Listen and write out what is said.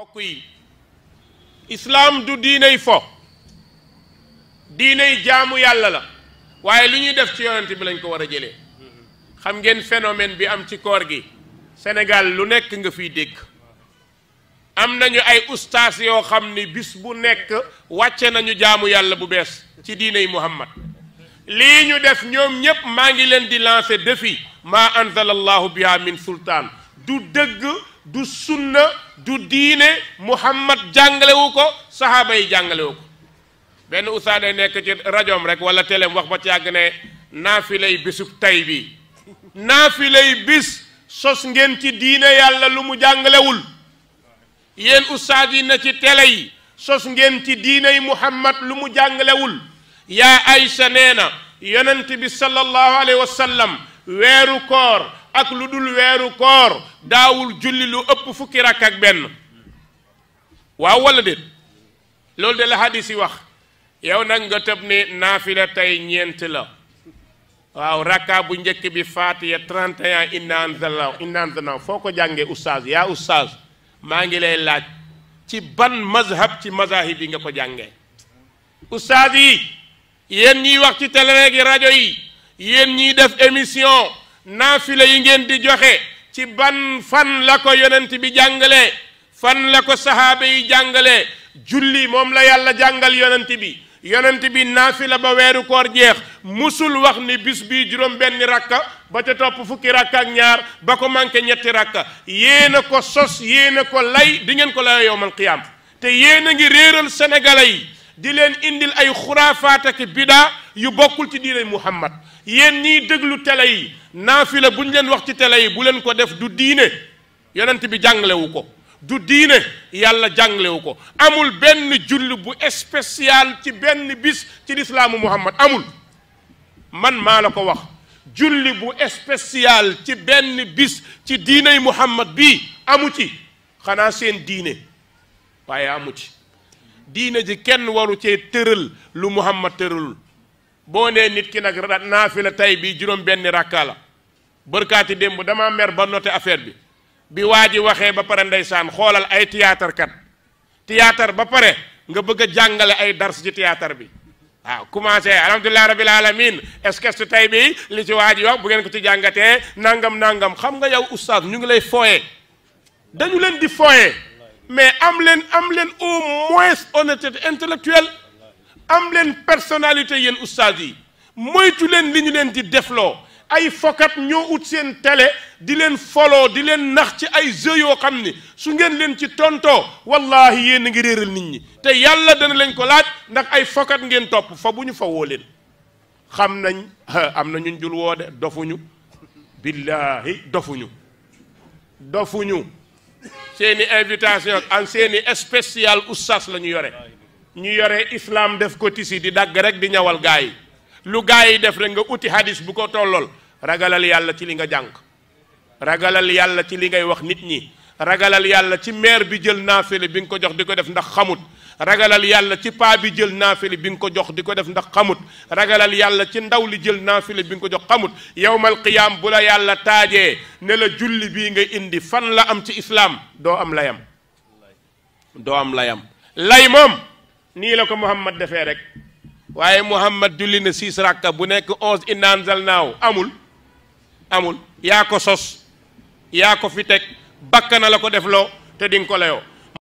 mbokk yi islaam du diinay fo diinay jaamu yàlla la waaye lu ñuy def ci yonent bi lañ ko war a jële xam ngeen phénomène bi am ci koor gi senegal lu nekk nga fiy dégg am nañu ay ustaas yoo xam ni bis bu nekk wàcce nañu jaamu yàlla bu bees ci diiney Muhammad lii ñu def ñoom ñépp maa ngi leen di lancer défi maa anzala allahu biha min sultaan du dëgg du sunna du diine muhammad jàngalewu ko sahaaba yi jàngalewu ko benn ustaas day nekk ci rajoom rek wala teleem wax ma ci yàgg ne naafilay bisub tay bi naafilay bis sos ngeen ci diine yàlla lu mu jàngalewul yéen ustaas yi na ci tele yi sos ngeen ci diiney muhammad lu mu jàngalewul yaa aysa nee na yonent bi sallallahu alayhi wa sallam weeru koor ak lu dul weeru koor daawul julli lu ëpp fukki rakk ak benn waaw wala déet loolu de la hadis yi wax yow nag nga tëb ne naafila tey ñeent la waaw rakka bu njëkk bi faatiya 31 inna anzalnahu inna anzalnahu foo ko jàngee oustaz yaa oustaz maa ngi lay laaj ci ban mazhab ci mazahib nga ko jàngee oustaz yi yéen ñiy wax ci télé rajo yi yéen ñiy def émission naafila yi ngeen di joxe ci ban fan la ko yonent bi jàngale fan la ko sahaaba yi jàngalee julli moom la yàlla jàngal yonent bi yonent bi naafila ba weeru koor jeex musul wax ni bis bii juróom benni rakka ba ca topp fukki rakka ak ñaar ba ko manqué ñetti rakka yéen a ko sos yéen a ko lay di ngeen ko lay yowmal qiyaam te yéen a ngi réeral sénégalais yi di leen indil ay xuraafaat ak bidaa yu bokkul ci diine muhammad yéen ñiy déglu télé yi naafila bu ñu leen wax ci télé yi bu leen ko def du diine yonent bi jàngalewu ko du diine yàlla jàngalewu ko amul benn julli bu spécial ci benn bis ci lislaamu muhammad amul man maa la ko wax julli bu spécial ci benn bis ci diiney muhammad bii amu ci xanaa seen diine waaye amu ci diine ji kenn waru cee tëral lu muhammad tëralul boo nee nit ki nag naafila tey bii juróom benn rakka la bërkaati démb damaa mer ba noté affaire bi bi waa ji waxee ba pare saan xoolal ay théâtre kat théâtre ba pare nga bëgg jàngale ay dars ci théâtre bi waaw commencé alhamdulilah rabil alamin est-ce que tey bi li ci waa ji wax bu ko ci jàngatee nangam nangam xam nga yow oustaz ñu ngi lay fooyee dañu leen di fooyee mais am leen am leen au moins honnêteté intellectuelle am leen personnalité yéen ustaas yi moytu leen li ñu leen di defloo ay fokat ñoo ut seen télé di leen foloo di leen nax ci ay jeux yoo xam ni su ngeen leen ci tontoo wallahi yéen a ngi réeral nit ñi te yàlla dana leen ko laaj ndax ay fokat ngeen topp fa bu ñu fa woo leen xam nañ am na ñun jul woo de dofuñu billahi dofuñu ñu seeni invitation ak seeni spécial oustaz la ñu yore ñu yore islaam def ko tisi di dagg rek di ñawal gaa yi lu gaa yi def rek nga uti hadis bu ko tollool ragalal yàlla ci li nga jàng ragalal yàlla ci li ngay wax nit ñi ragalal yàlla ci meer bi jël naafile bi nga ko jox di ko def ndax xamut ragalal yàlla ci paa bi jël naafile bi nga ko jox di ko def ndax xamut ragalal yàlla ci ndaw li jël naafile bi nga ko jox xamut yowmal qiyaam bu la yàlla taajee ne la julli bii nga indi fan la am ci islaam doo am layam doo am layam lay moom nii la ko muhammad defee rek waaye muhammad julli na six rakka bu nekk onze inna anzalnaahu amul amul yaa ko sos yaa ko fi teg bakka na la ko def loo te di nga ko layoo